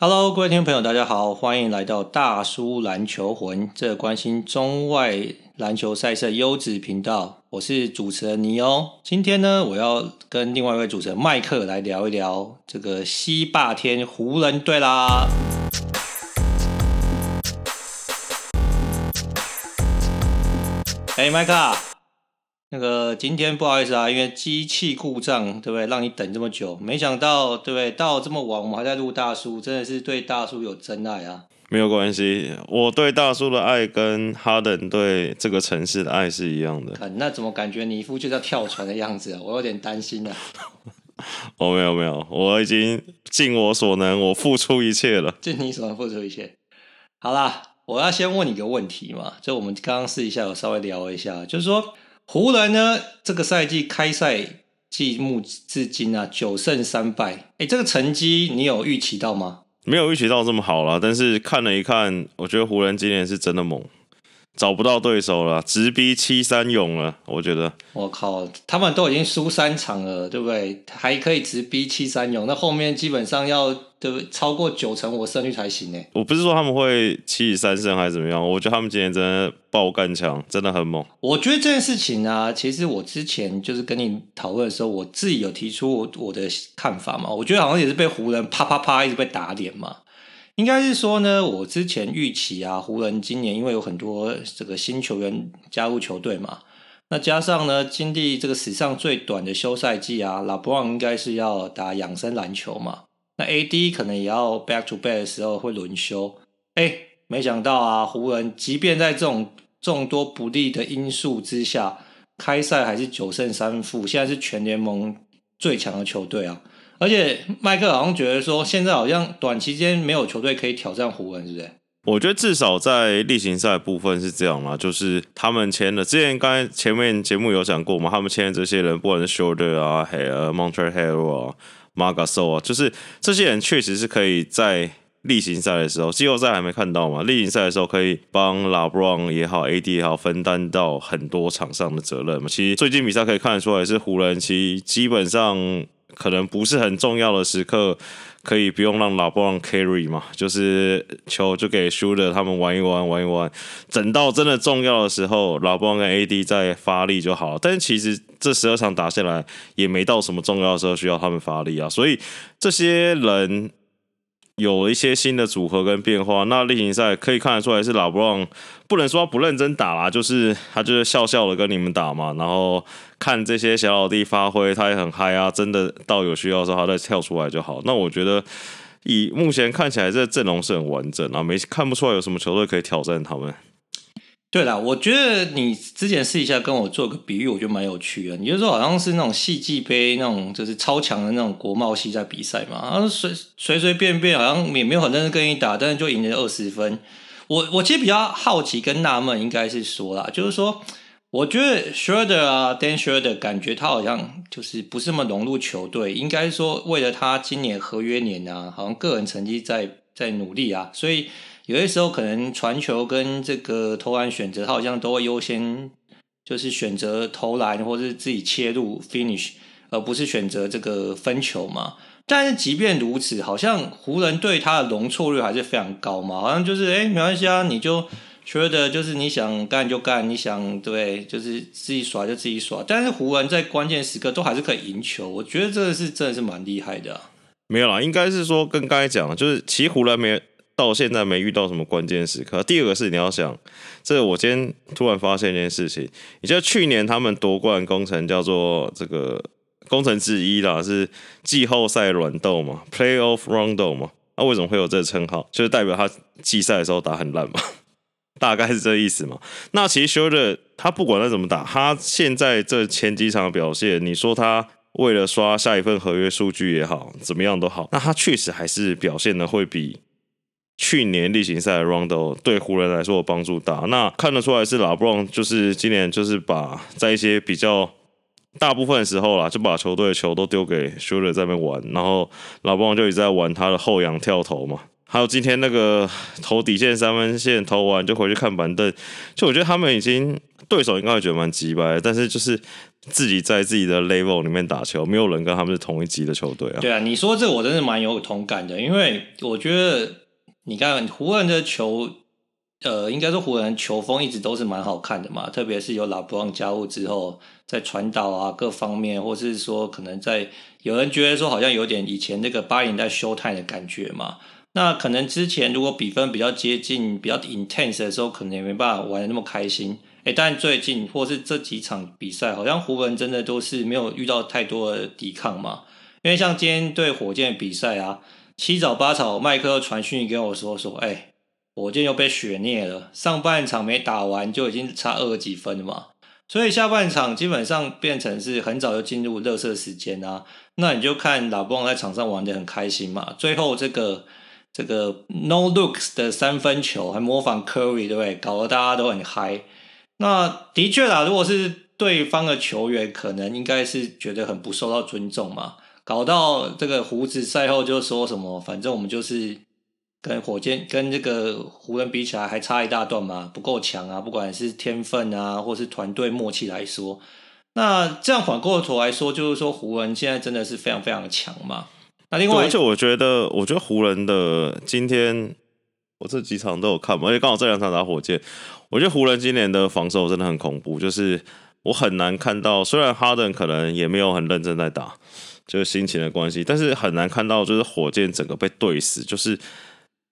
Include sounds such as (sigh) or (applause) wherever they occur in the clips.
Hello，各位聽眾朋友，大家好，歡迎來到大叔籃球魂，這個、關心中外籃球賽事優質頻道，我是主持人尼歐。今天呢，我要跟另外一位主持人麥克來聊一聊這個西霸天湖人隊啦。哎、欸，麥克、啊。那個今天不好意思啊，因為機器故障，對不對？讓你等這麼久，沒想到對不對？到這麼晚，我們還在錄大叔，真的是對大叔有真愛啊！沒有關係，我對大叔的愛跟哈登對這個城市的愛是一樣的。那怎麼感覺你一副就在跳船的樣子啊？我有點擔心啊。 (laughs) 我沒有沒有，我已經盡我所能，我付出一切了。盡你所能付出一切。好啦，我要先問你一個問題嘛，就我們剛剛試一下，我稍微聊一下，就是說。湖人呢，這個賽季開賽季末至今啊，九勝三敗。哎、欸，這個成績你有預期到嗎？沒有預期到這麼好啦，但是看了一看，我覺得湖人今年是真的猛。找不到對手了，直逼七三勇了，我覺得。我靠，他們都已經輸三場了，對不對？還可以直逼七三勇，那後面基本上要對，超過九成我勝率才行呢。我不是說他們會七十三勝還是怎麼樣，我覺得他們今天真的爆幹強，真的很猛。我覺得這件事情啊，其實我之前就是跟你討論的時候，我自己有提出我我的看法嘛。我覺得好像也是被湖人啪啪啪啪一直被打臉嘛。應該是說呢，我之前預期啊，湖人今年因為有很多這個新球員加入球隊嘛，那加上呢，經歷這個史上最短的休賽季啊，LeBron 應該是要打養生籃球嘛，那 A D 可能也要 back to back 的時候會輪休。哎，沒想到啊，湖人即便在這種眾多不利的因素之下，開賽還是九勝三負，現在是全聯盟最強的球隊啊。而且麥克好像覺得說，現在好像短期間沒有球隊可以挑戰湖人，是不是？我覺得至少在例行賽部分是這樣嘛，就是他們簽的之前剛才前面節目有講過嘛，他們簽的這些人不管是 Schröder 啊、Harrell、Montrezl Harrell 啊、Marc Gasol 啊，啊，就是這些人確實是可以在例行賽的時候，季後賽還沒看到嘛，例行賽的時候可以幫 LeBron 也好、AD 也好分擔到很多場上的責任嘛。其實最近比賽可以看得出來，是湖人其實基本上。可能不是很重要的時刻，可以不用讓老布朗 carry 嘛，就是球就給 shooter 他們玩一玩玩一玩，等到真的重要的時候，老布朗跟 AD 再發力就好。但其實這十二場打下來，也沒到什麼重要的時候需要他們發力啊，所以這些人。有一些新的組合跟變化，那例行賽可以看得出來是 LeBron，不能說他不認真打啦，就是他就是笑笑的跟你們打嘛，然後看這些小老弟發揮，他也很嗨啊，真的到有需要的時候他再跳出來就好。那我覺得以目前看起來這陣容是很完整啊，沒，看不出來有什麼球隊可以挑戰他們。對啦，我覺得你之前試一下跟我做個比喻，我覺得蠻有趣的。你就說好像是那種系際盃那種，就是超強的那種國貿系在比賽嘛，然後隨隨隨便便好像也沒有很認真跟你打，但是就贏了二十分。我我其實比較好奇跟納悶，應該是說啦，就是說我覺得 Schröder 啊，Dan Schröder 的感覺，他好像就是不是那麼融入球隊。應該說為了他今年合約年啊，好像個人成績在在努力啊，所以。有些時候可能傳球跟這個投籃選擇，他好像都會優先就是選擇投籃，或是自己切入 finish，而不是選擇這個分球嘛。但是即便如此，好像湖人對他的容錯率還是非常高嘛，好像就是哎沒關係啊，你就覺得就是你想幹就幹，你想對就是自己耍就自己耍。但是湖人在關鍵時刻都還是可以贏球，我覺得這個是真的是蠻厲害的啊。沒有啦，應該是說跟剛才講的，就是其實湖人沒。到現在沒遇到什麼關鍵時刻。第二個是你要想，這個、我今天突然發現一件事情，你知道去年他們奪冠功臣叫做這個功臣之一啦，是季後賽軟斗嘛，Playoff Rondo 嘛。那、啊、為什麼會有這個稱號？就是代表他季賽的時候打很爛嘛，大概是這個意思嘛。那其實 Schröder 他不管他怎麼打，他現在這前幾場的表現，你說他為了刷下一份合約數據也好，怎麼樣都好，那他確實還是表現的會比。去年例行賽的 Rondo 對湖人來說有幫助大，那看得出來是 LeBron 就是今年就是把在一些比較大部分的時候啦，就把球隊的球都丟給 Schröder 在那邊玩，然後 LeBron 就一直在玩他的後仰跳投嘛。還有今天那個投底線三分線，投完就回去看板凳，就我覺得他們已經對手應該會覺得蠻機掰的，但是就是自己在自己的 level 裡面打球，沒有人跟他們是同一級的球隊啊。對啊，你說這我真的蠻有同感的，因為我覺得。你看湖人這球，呃，應該說湖人球風一直都是蠻好看的嘛，特別是有拉布朗加入之後，在傳導啊各方面，或是說可能在有人覺得說好像有點以前那個八零代 Show Time 的感覺嘛。那可能之前如果比分比較接近，比較 intense 的時候，可能也沒辦法玩得那麼開心。誒、欸，但最近或是這幾場比賽，好像湖人真的都是沒有遇到太多的抵抗嘛。因為像今天對火箭比賽啊。七早八早，麥克傳訊跟我說：“說，誒、欸、我今天又被血虐了，上半場沒打完就已經差二十幾分了嘛，所以下半場基本上變成是很早就進入垃圾時間啊。那你就看老布朗在場上玩得很開心嘛。最後這個這個 No Looks 的三分球還模仿 Curry，對不對？搞得大家都很嗨。那的確啦、啊，如果是對方的球員，可能應該是覺得很不受到尊重嘛。”搞到這個鬍子賽後就說什麼，反正我們就是跟火箭、跟這個湖人比起來還差一大段嘛，不夠強啊，不管是天分啊，或是團隊默契來說。那這樣反過頭來說，就是說湖人現在真的是非常非常的強嘛。那另外，而且我覺得，我覺得湖人的今天，我這幾場都有看嘛，而且剛好這兩場打火箭，我覺得湖人今年的防守真的很恐怖，就是我很難看到，雖然哈登可能也沒有很認真在打。就是心情的關係，但是很難看到，就是火箭整個被對死，就是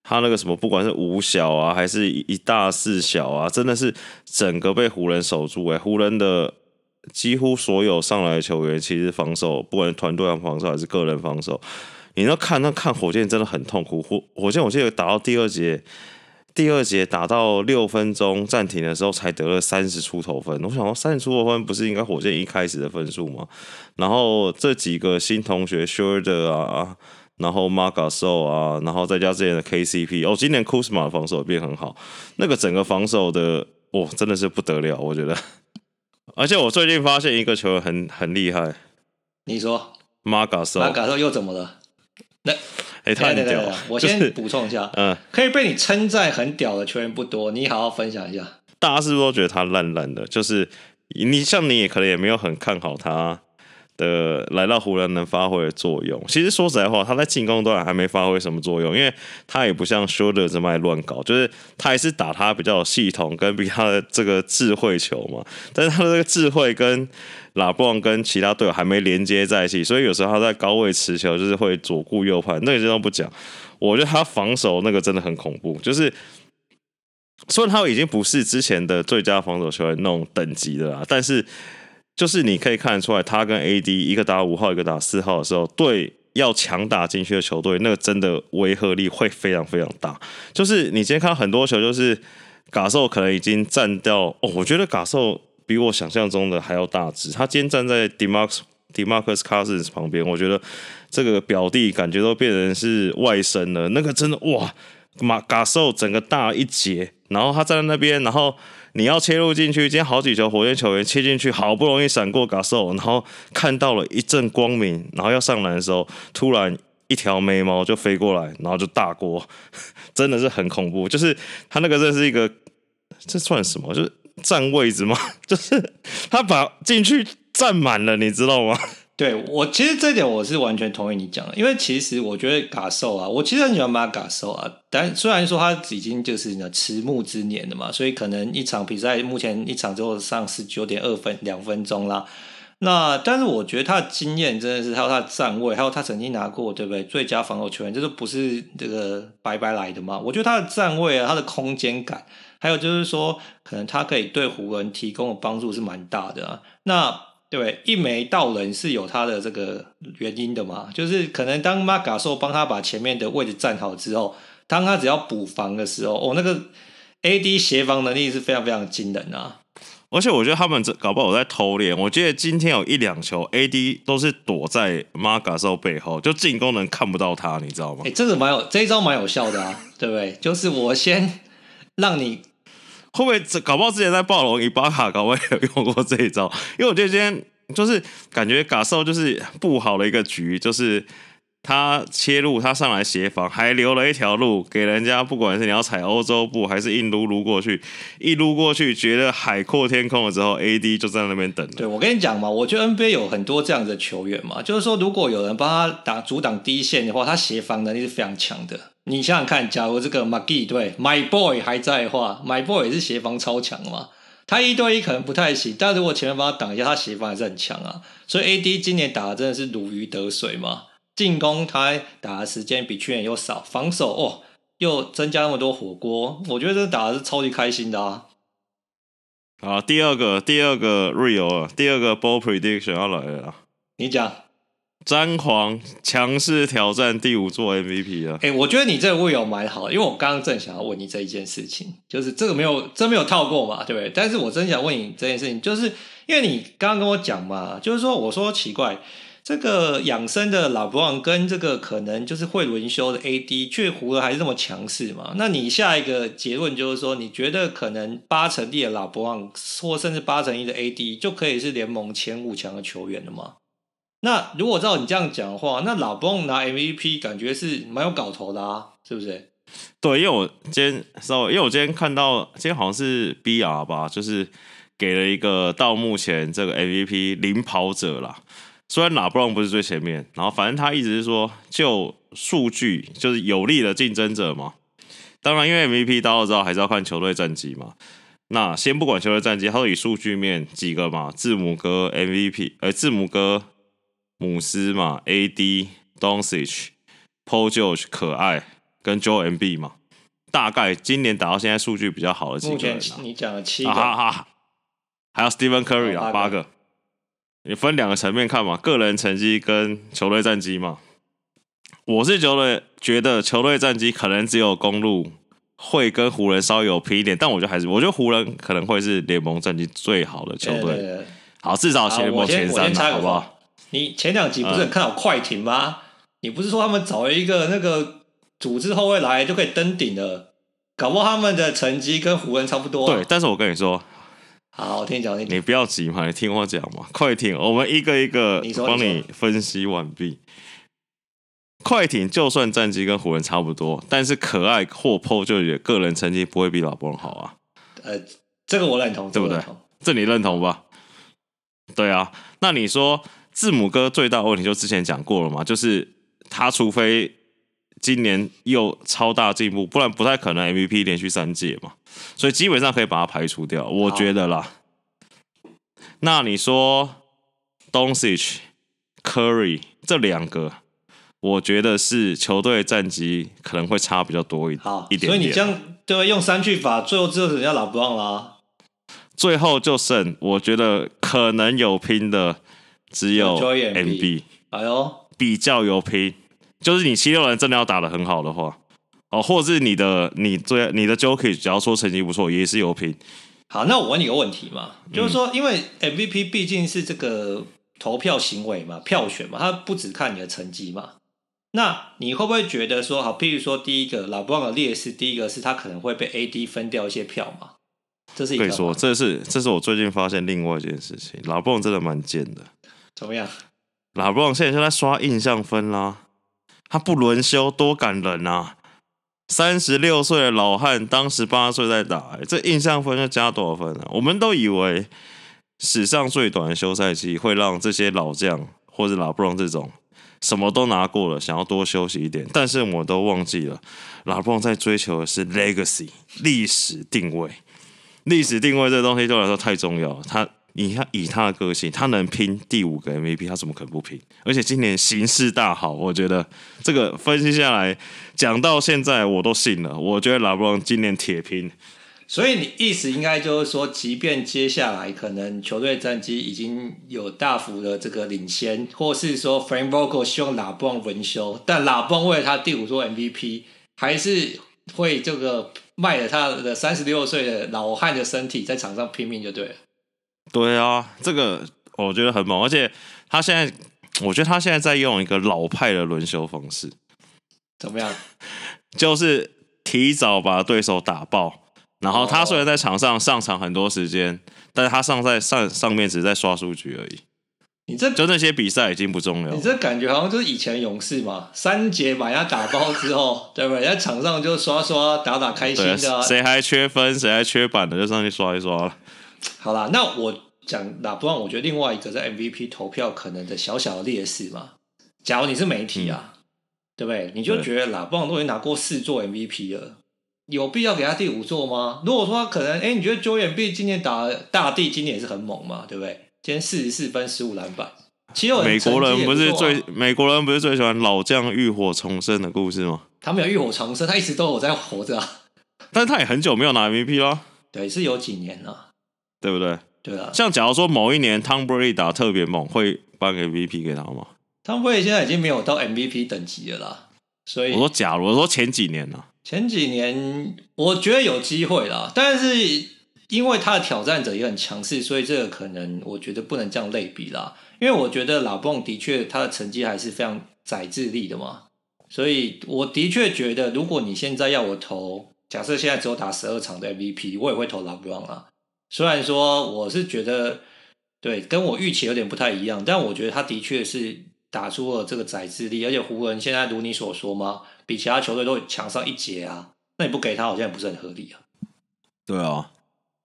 他那個什麼，不管是五小啊，還是一大四小啊，真的是整個被湖人守住、欸。誒，湖人的幾乎所有上來的球員，其實防守，不管團隊防守還是個人防守，你要看他看火箭真的很痛苦。火火箭，我記得打到第二節、欸。第二節打到六分鐘暫停的時候，才得了三十出頭分。我想說，三十出頭分不是應該火箭一開始的分數嗎？然後這幾個新同學 Schroder 啊，然後 Marc Gasol 啊，然後再加之前的 KCP 哦，今年 Kuzma 的防守也變很好。那個整個防守的，哇，真的是不得了，我覺得。而且我最近發現一個球員很很厲害，你說 Marc Gasol，Marc Gasol 又怎麼了？那。哎、欸，太屌了！我先補充一下、就是，嗯，可以被你稱讚很屌的球員不多，你好好分享一下。大家是不是都覺得他爛爛的？就是你像你也可能也沒有很看好他的來到湖人能發揮的作用。其實說實在話，他在進攻端還沒發揮什麼作用，因為他也不像 Schröder 這麼愛亂搞，就是他還是打他比較系統跟比較這個智慧球嘛。但是他的這個智慧跟喇布王跟其他隊友還沒連接在一起，所以有時候他在高位持球就是會左顧右盼。那個地方不講，我覺得他防守那個真的很恐怖。就是雖然他已經不是之前的最佳防守球員那種等級的啦，但是就是你可以看得出來，他跟 AD 一個打五號，一個打四號的時候，對要強打進去的球隊，那個真的威嚇力會非常非常大。就是你今天看到很多球，就是卡獸可能已經佔掉哦，我覺得卡獸。比我想象中的還要大只。他今天站在 DeMarcus Cousins 旁邊，我覺得這個表弟感覺都變成是外甥了。那個真的哇，Marc Gasol 整個大一截，然後他站在那邊，然後你要切入進去，今天好幾球火箭球員切進去，好不容易閃過 Gasol，然後看到了一陣光明，然後要上籃的時候，突然一條眉毛就飛過來，然後就大鍋，真的是很恐怖。就是他那個，真的是一個，這算什麼？就是。佔位置嗎？就是他把進去佔滿了，你知道嗎？對，我其實這點我是完全同意你講的，因為其實我覺得蓋索啊，我其實很喜歡馬蓋索啊，但雖然說他已經就是呢遲暮之年了嘛，所以可能一場比賽目前一場之後上十九點二分兩分鐘啦。那但是我覺得他的經驗真的是，還有他的站位，還有他曾經拿過對不對最佳防守球員，就是不是這個白白來的嘛？我覺得他的站位啊，他的空間感。還有就是說，可能他可以對湖人提供的幫助是蠻大的啊。那對不對？一眉道人是有他的這個原因的嘛？就是可能當馬卡索幫他把前面的位置站好之後，當他只要補防的時候，哦，那個 A D 協防能力是非常非常驚人啊！而且我覺得他們這，搞不好我在偷練。我覺得今天有一兩球 A D 都是躲在馬卡索背後，就進攻能看不到他，你知道嗎？哎，這個蠻有，這一招蠻有效的啊， (laughs) 對不對？就是我先。讓你會不會這，搞不好之前在暴龍伊巴卡搞，我也有用過這一招。因為我覺得今天就是感覺加索就是布好了一個局，就是他切入，他上來協防，還留了一條路給人家，不管是你要踩歐洲步還是硬擼擼過去，一擼過去覺得海闊天空的時候，AD 就在那邊等對。對我跟你講嘛，我覺得 NBA 有很多這樣的球員嘛，就是說如果有人幫他打阻擋第一線的話，他協防能力是非常強的。你想想看，假如這個馬 a g 對 My Boy 還在的話，My Boy 也是協防超強嘛。他一對一可能不太行，但如果前面幫他擋一下，他協防還是很強啊。所以 AD 今年打的真的是如魚得水嘛。進攻他打的時間比去年又少，防守哦又增加那麼多火鍋，我覺得這打的是超級開心的啊。好、啊，第二個第二個 Real，第二個 Ball Prediction 要來了啊。你講。詹皇強勢挑戰第五座 MVP 啊！哎，我覺得你這個位有蠻好的，因為我剛剛正想要問你這一件事情，就是這個沒有，真沒有套過嘛，對不對？但是我真想問你這件事情，就是因為你剛剛跟我講嘛，就是說我說奇怪，這個養生的 LeBron 跟這個可能就是會輪休的 AD，卻胡了還是這麼強勢嘛？那你下一個結論就是說，你覺得可能八成 d 的 LeBron 或甚至八成一的 AD 就可以是聯盟前五強的球員了嗎？那如果照你這樣講的話，那 LeBron 拿 MVP 感覺是蠻有搞頭的啊，是不是？對，因為我今天稍微，因為我今天看到今天好像是 BR 吧，就是給了一個到目前這個 MVP 領跑者啦。雖然 LeBron 不是最前面，然後反正他一直是說就數據就是有力的競爭者嘛。當然，因為 MVP 大家都知道還是要看球隊戰績嘛。那先不管球隊戰績，他說以數據面幾個嘛，字母哥 MVP，呃，字母哥。姆斯嘛，AD Doncic，Paul George 可愛，跟 Joe MB 嘛，大概今年打到現在數據比較好的幾個、啊。目前你講了七個，哈、啊、哈，哈、啊啊，還有 Stephen Curry 啊，八個。你分兩個層面看嘛，個人成績跟球隊戰績嘛。我是覺得覺得球隊戰績可能只有公鹿會跟湖人稍微有拼一點，但我覺得還是，我覺得湖人可能會是聯盟戰績最好的球隊。好，至少聯盟前三，好不好？你前兩集不是很看好快艇嗎、嗯？你不是說他們找一個那個組織後衛來就可以登頂了？搞不好他們的成績跟湖人差不多，啊。對，但是我跟你說，好，我聽你講，講，你不要急嘛，你聽我講嘛。快艇，我們一個一個幫你分析完畢。快艇就算戰績跟湖人差不多，但是可愛或泡椒個人成績不會比 LeBron 好啊。呃、這個，這個我認同，對不對？這你認同吧？對啊，那你說？字母哥最大的問題就之前講過了嘛，就是他除非今年又超大進步，不然不太可能 MVP 連續三屆嘛，所以基本上可以把他排除掉，我覺得啦。那你說東契奇、Curry 這兩個，我覺得是球隊戰績可能會差比較多一點，一點。所以你這樣、啊、用三句法，最後人家老不讓啦、啊。最後就剩我覺得可能有拼的。只有 MB 哎呦，比較有拼。就是你七六人，真的要打得很好的話，哦，或者是你的你最你的 Jokic 只要說成績不錯也是有拼。好，那我問你個問題嘛，就是說，因為 MVP 畢竟是這個投票行為嘛，票選嘛，他不只看你的成績嘛。那你會不會覺得說，好，譬如說第一個 LeBron 的劣勢，第一個是他可能會被 AD 分掉一些票嘛？這是一個可以說，這是這是我最近發現另外一件事情，LeBron 真的蠻賤的。怎麼樣，拉布隆現在就在刷印象分啦、啊。他不輪休，多感人啊！三十六歲的老漢當十八歲在打、欸，這印象分要加多少分呢、啊？我們都以為史上最短的休賽期會讓這些老將或者拉布隆這種什麼都拿過了，想要多休息一點。但是我都忘記了，拉布隆在追求的是 legacy 歷史定位。歷史定位這東西對我來說太重要了，他。以他以他的個性，他能拼第五個 MVP，他怎麼可能不拼？而且今年形勢大好，我覺得這個分析下來講到現在，我都信了。我覺得拉布隆今年鐵拼。所以你意思應該就是說，即便接下來可能球隊戰績已經有大幅的這個領先，或是說 Frank Vogel 希望拉布隆輪休，但拉布隆為了他第五座 MVP，還是會這個賣了他的三十六歲的老漢的身體，在場上拼命就對了。對啊，這個我覺得很猛，而且他現在，我覺得他現在在用一個老派的輪休方式，怎麼樣？ (laughs) 就是提早把對手打爆，然後他雖然在場上上場很多時間，哦，但是他上在上上面只是在刷數據而已。你這就那些比賽已經不重要了，你這感覺好像就是以前勇士嘛，三節把人家打爆之後， (laughs) 對不對？在場上就刷刷打打開心的，啊，誰、啊、還缺分誰還缺板的就上去刷一刷好啦，那我講 LBJ，我覺得另外一個在 MVP 投票可能的小小的劣勢嘛。假如你是媒體啊，嗯、對不對？你就覺得 LBJ 都已經拿過四座 MVP 了，有必要給他第五座嗎？如果說他可能，哎，你覺得 Joel Embiid 今年打大帝今年也是很猛嘛？對不對？今天四十四分十五籃板，其實也、啊、美國人不是最美國人不是最喜歡老將浴火重生的故事嗎？他沒有浴火重生，他一直都有在活着、啊，但是他也很久沒有拿 MVP 了。對，是有幾年了。對不對？對啊。像假如說某一年 Tom Brady 打特別猛，會頒 MVP 給他嗎？Tom Brady 現在已經沒有到 MVP 等級了啦，所以我說假如說前幾年呢？前幾年我覺得有機會啦，但是因為他的挑戰者也很強勢，所以這個可能我覺得不能這樣類比啦。因為我覺得 LeBron 的確他的成績還是非常宰制力的嘛，所以我的確覺得如果你現在要我投，假設現在只有打十二場的 MVP，我也會投 LeBron 啦。雖然說我是覺得對，跟我預期有點不太一樣，但我覺得他的確是打出了這個宰制力，而且湖人現在如你所說嘛，比其他球隊都強上一截啊。那你不給他，好像也不是很合理啊。對啊，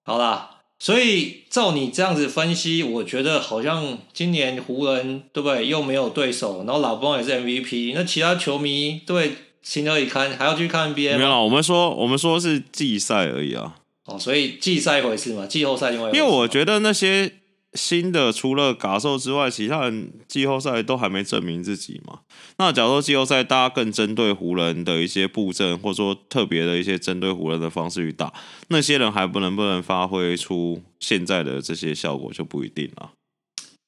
好啦，所以照你這樣子分析，我覺得好像今年湖人對不對？又沒有對手，然後老幫也是 MVP，那其他球迷對情何以堪，還要去看 NBA？沒有啊，我們說我們說是季賽而已啊。哦，所以季賽一回事嘛，季後賽一回事。因為因為我覺得那些新的除了嘎獸之外，其他人季後賽都還沒證明自己嘛。那假如說季後賽大家更針對湖人的一些佈陣，或者說特別的一些針對湖人的方式去打，那些人還不能不能發揮出現在的這些效果就不一定了。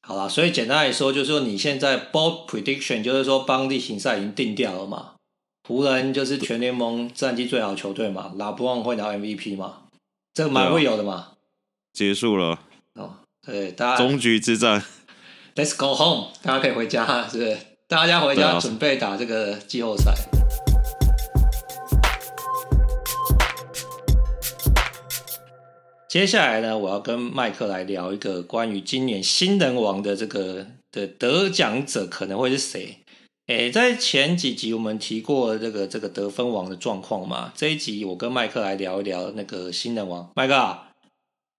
好啦，所以簡單來說，就是說你現在 bold prediction 就是說幫例行賽已經定掉了嘛，湖人就是全聯盟戰績最好球隊嘛，拉布朗會拿 MVP 嘛。這個蠻會有的嘛，啊、結束了哦，對，大家終局之戰，Let's go home，大家可以回家，是不是？大家回家準備打這個季後賽、啊。接下來呢，我要跟麥克來聊一個關於今年新人王的這個的得獎者可能會是誰。欸、在前幾集我們提過這個這個得分王的狀況嘛？這一集我跟麥克來聊一聊那個新人王。麥克、啊，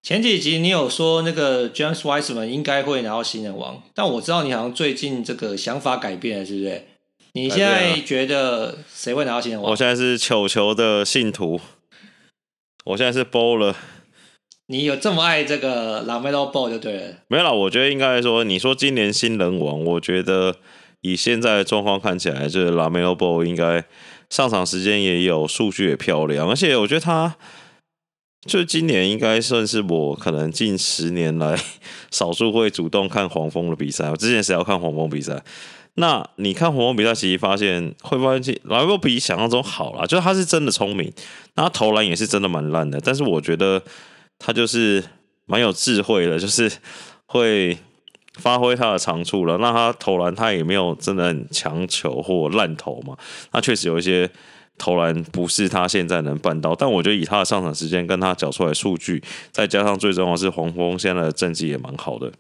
前幾集你有說那個 James Wiseman 應該會拿到新人王，但我知道你好像最近這個想法改變了，是不是？你現在覺得誰會拿到新人王？啊、我現在是球球的信徒。我現在是 Baller。你有這麼愛這個 l a m e l b o l lLaMelo Ball 就對了。沒有啦，我覺得應該說，你說今年新人王，我覺得。以現在的狀況看起來，就是 LaMelo Ball 應該上場時間也有，數據也漂亮，而且我覺得他就是今年應該算是我可能近十年來少數會主動看黃蜂的比賽。我之前誰要看黃蜂比賽？那你看黃蜂比賽，其實發現會發現，LaMelo 比想象中好啦，就是他是真的聰明，那投籃也是真的蠻爛的，但是我覺得他就是蠻有智慧的，就是會。發揮他的長處了，那他投籃他也沒有真的很強求或爛投嘛，那確實有一些投籃不是他現在能辦到，但我覺得以他的上場時間跟他繳出來數據，再加上最重要是黃蜂現在的戰績也蠻好的，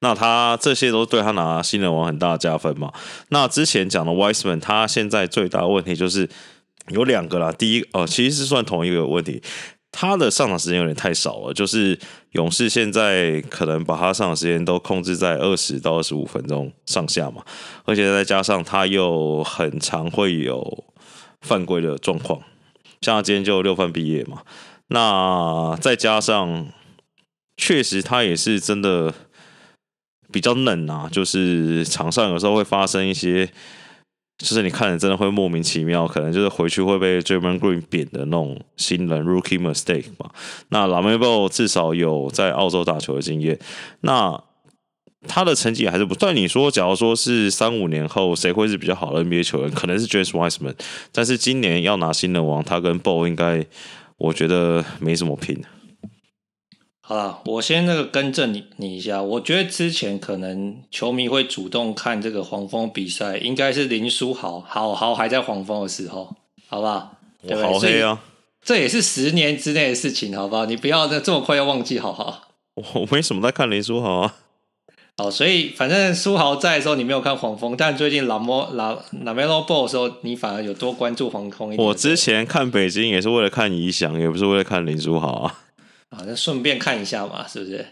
那他這些都對他拿新人王很大的加分嘛。那之前講的 Wiseman，他現在最大的問題就是有兩個啦，第一哦、呃，其實是算同一個問題。他的上場時間有點太少了，就是勇士現在可能把他上場時間都控制在二十到二十五分鐘上下嘛，而且再加上他又很常會有犯規的狀況，像他今天就六犯畢業嘛。那再加上，確實他也是真的比較嫩啊，就是場上有時候會發生一些。就是你看人真的會莫名其妙，可能就是回去會被 Draymond Green 貶的那種新人 Rookie mistake 嘛。那 LaMelo 至少有在澳洲打球的經驗，那他的成績還是不算。你說，假如說是三五年後誰會是比較好的 NBA 球員？可能是 James Wiseman，但是今年要拿新人王，他跟 Ball 應該我覺得沒什麼拼。好了，我先那個更正你你一下，我覺得之前可能球迷會主動看這個黃蜂比賽，應該是林書豪好好還在黃蜂的時候，好不好？我好黑啊，這也是十年之內的事情，好不好？你不要再這麼快要忘記，好不好？我為什麼在看林書豪啊？好，所以反正書豪在的時候你沒有看黃蜂，但最近拉莫拉拉梅洛波的時候你反而有多關注黃蜂一點。我之前看北京也是為了看易翔，也不是為了看林書豪啊。啊，那順便看一下嘛，是不是？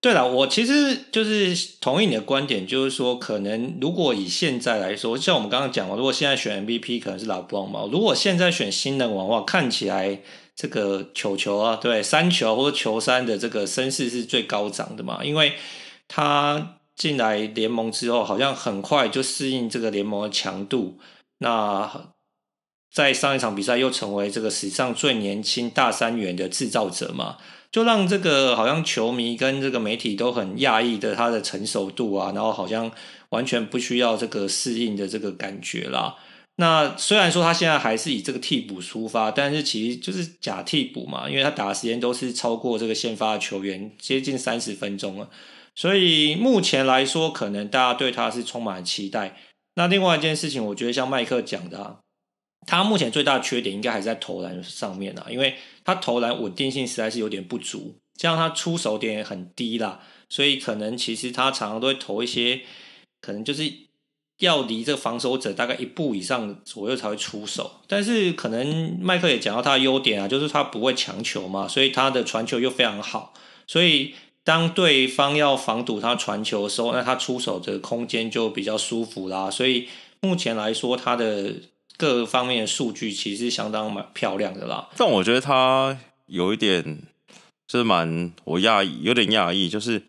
對了，我其實就是同意你的觀點，就是說，可能如果以現在來說，像我們剛剛講的，如果現在選 MVP 可能是拉布隆嘛。如果現在選新人王的話，看起來這個球球啊，對，三球或者球三的這個聲勢是最高漲的嘛，因為他進來聯盟之後，好像很快就適應這個聯盟的強度，那。在上一場比賽又成為這個史上最年輕大三元的製造者嘛，就讓這個好像球迷跟這個媒體都很訝異的他的成熟度啊，然後好像完全不需要這個適應的這個感覺啦。那雖然說他現在還是以這個替補出發，但是其實就是假替補嘛，因為他打的時間都是超過這個先發的球員接近三十分鐘了，所以目前來說可能大家對他是充滿了期待。那另外一件事情，我覺得像麥克講的啊。他目前最大的缺點應該還是在投籃上面啦，啊，因為他投籃穩定性實在是有點不足，這樣他出手點也很低啦，所以可能其實他常常都會投一些，可能就是要離這個防守者大概一步以上左右才會出手。但是可能麥克也講到他的優點啊，就是他不會強求嘛，所以他的傳球又非常好，所以當對方要防堵他傳球的時候，那他出手的空間就比較舒服啦。所以目前來說，他的。各方面的數據其實相當蠻漂亮的啦，但我覺得他有一點就是蠻我訝異，有點訝異，就是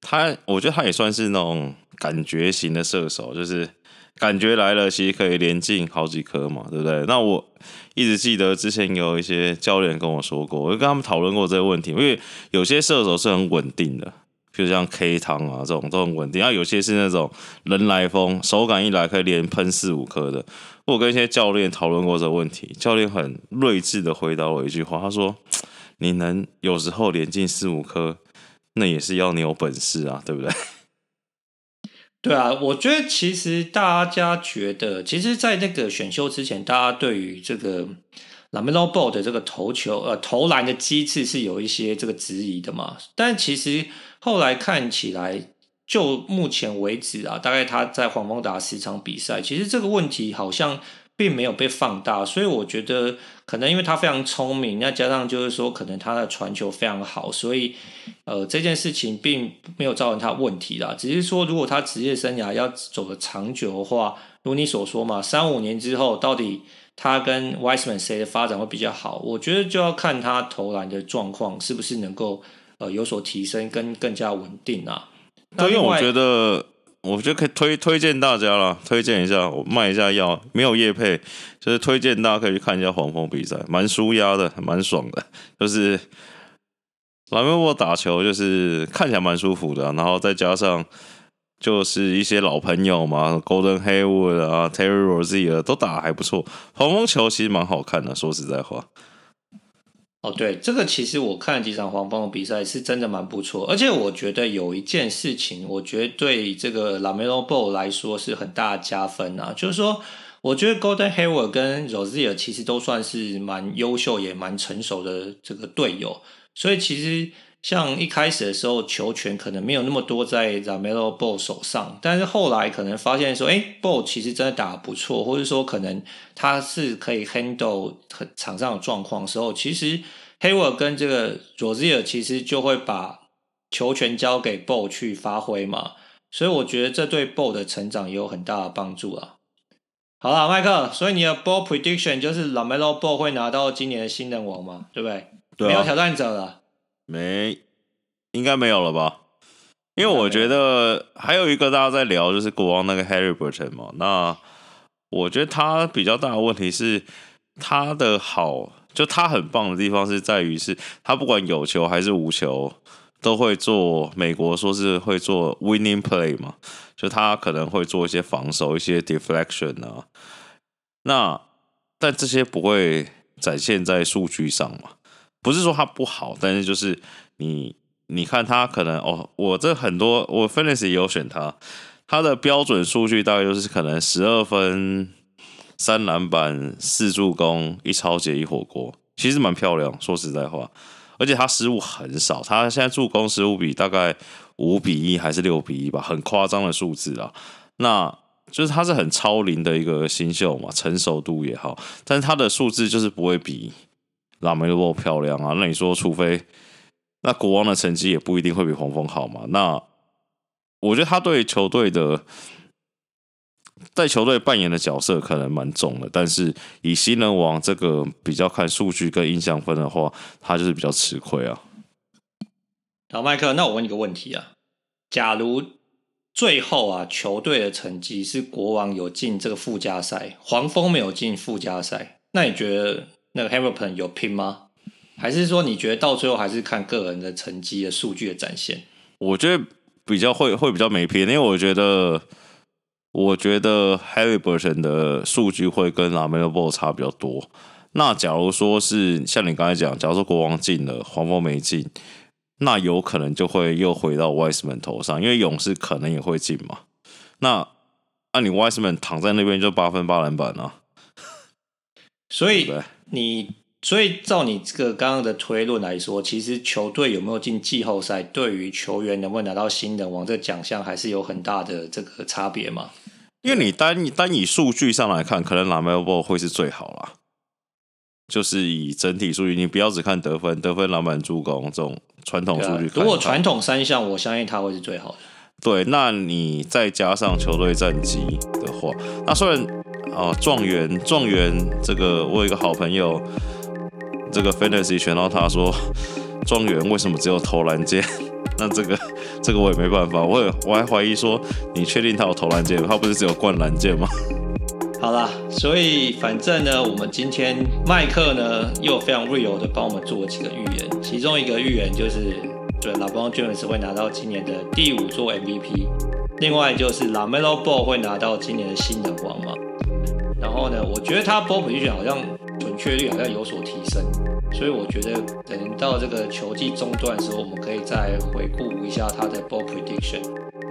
他，我覺得他也算是那種感覺型的射手，就是感覺來了，其實可以連進好幾顆嘛，對不對？那我一直記得之前有一些教練跟我說過，我就跟他們討論過這個問題，因為有些射手是很穩定的。就像 K 湯啊，這種都很穩定。那、啊、有些是那種人來瘋，手感一來可以連噴四五顆的。我跟一些教練討論過這個問題，教練很睿智的回答我一句話，他說：“你能有時候連進四五顆，那也是要你有本事啊，對不對？”對啊，我覺得其實大家覺得，其實，在那個選秀之前，大家對於這個 LaMelo Ball 的這個投球呃投籃的機制是有一些這個質疑的嘛。但其實。後來看起來，就目前為止啊，大概他在黃蜂打十場比賽，其實這個問題好像並沒有被放大，所以我覺得可能因為他非常聰明，那加上就是說可能他的傳球非常好，所以呃這件事情並沒有造成他問題啦。只是說，如果他職業生涯要走得長久的話，如你所說嘛，三五年之後，到底他跟 Wiseman 誰的發展會比較好？我覺得就要看他投籃的狀況是不是能夠。呃，有所提升跟更加穩定啊。對，因為我覺得，我覺得我就可以推推薦大家了，推薦一下，我賣一下藥。沒有業配，就是推薦大家可以去看一下黃蜂比賽，蠻舒壓的，蠻爽，爽的。就是 LaMelo Ball 打球，就是看起來蠻舒服的啊。然後再加上就是一些老朋友嘛，Gordon Hayward 啊，啊，Terry Rozier 都打還不錯。黃蜂球其實蠻好看的，說實在話。哦，對，這個其實我看了幾場黃蜂的比賽，是真的蠻不錯。而且我覺得有一件事情，我覺得對這個 LaMelo Ball 來說是很大的加分啊，就是說，我覺得 Gordon Hayward 跟 Rozier 其實都算是蠻優秀也蠻成熟的這個隊友，所以其實。像一開始的時候，球權可能沒有那麼多在 LaMelo Ball 手上，但是後來可能發現說，哎，Ball 其實真的打得不錯，或者說可能他是可以 handle 場上的狀況時候，其實 Hayward 跟這個 Rozier 其實就會把球權交給 Ball 去發揮嘛，所以我覺得這對 Ball 的成長也有很大的幫助啊。好了，麥克，所以你的 Ball prediction 就是 LaMelo Ball 會拿到今年的新人王嘛？對不對？對啊，沒有挑戰者了。沒，應該沒有了吧？因為我覺得還有一個大家在聊，就是國王那個 Haliburton 嘛。那我覺得他比較大的問題是，他的好就他很棒的地方是在於，是他不管有球還是無球，都會做美國說是會做 winning play 嘛，就他可能會做一些防守，一些 deflection 啊。那但這些不會展現在數據上嘛？不是說他不好，但是就是你，你看他可能哦，我這很多我 fantasy 也有選他，他的標準數據大概就是可能十二分、三籃板、四助攻、一抄截一火鍋，其實蠻漂亮，說實在話，而且他失誤很少，他現在助攻失誤比大概五比一還是六比一吧，很誇張的數字啊，那就是他是很超齡的一個新秀嘛，成熟度也好，但是他的數字就是不會比。那拉梅洛漂亮啊！那你說，除非那國王的成績也不一定會比黃蜂好嘛？那我覺得他對球隊的在球隊扮演的角色可能蠻重的，但是以新人王這個比較看數據跟印象分的話，他就是比較吃虧啊。好，麥克，那我問你個問題啊：假如最後啊，球隊的成績是國王有進這個附加賽，黃蜂沒有進附加賽，那你覺得？那個 Harry b i r 有拼嗎？還是說你覺得到最後還是看個人的成績的數據的展現？我覺得比較會會比較沒拼，因為我覺得我覺得 Harry 本身的數據會跟 l a m e l a Ball 差比較多。那假如說是像你剛才講，假如說國王進了，黃蜂沒進，那有可能就會又回到 Westman 頭上，因為勇士可能也會進嘛。那按、啊、你 Westman 躺在那邊就八分八籃板啊，所以。 (laughs) 對。你所以照你這個剛剛的推論來說，其實球隊有沒有進季後賽，對於球員能不能拿到新人王這個獎項還是有很大的這個差別嘛？因為你單單以數據上來看，可能拉 a m e 會是最好啦。就是以整體數據，你不要只看得分、得分、籃板、助攻這種傳統數據。如果傳統三項，我相信他會是最好的。對，那你再加上球隊戰績的話，那雖然。啊，狀元，狀元，這個我有一個好朋友，這個 fantasy 選到他說，狀元為什麼只有投籃鍵？那這個，這個我也沒辦法，我也我還懷疑說，你確定他有投籃鍵？他不是只有灌籃鍵嗎？好啦，所以反正呢，我們今天麥克呢又非常 real 的幫我們做了幾個預言，其中一個預言就是，對，LeBron James 會拿到今年的第五座 MVP，另外就是 LaMelo Ball 會拿到今年的新人王嘛。然後呢，我覺得他 ball prediction 好像準確率好像有所提升，所以我覺得等到這個球季中段的時候，我們可以再回顧一下他的 ball prediction。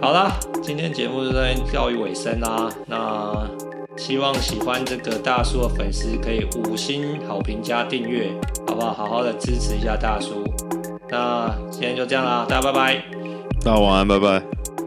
好啦，今天節目就在教育尾聲啦。那希望喜歡這個大叔的粉絲可以五星好評加訂閱，好不好？好好的支持一下大叔。那今天就這樣啦，大家拜拜，大家晚安，拜拜。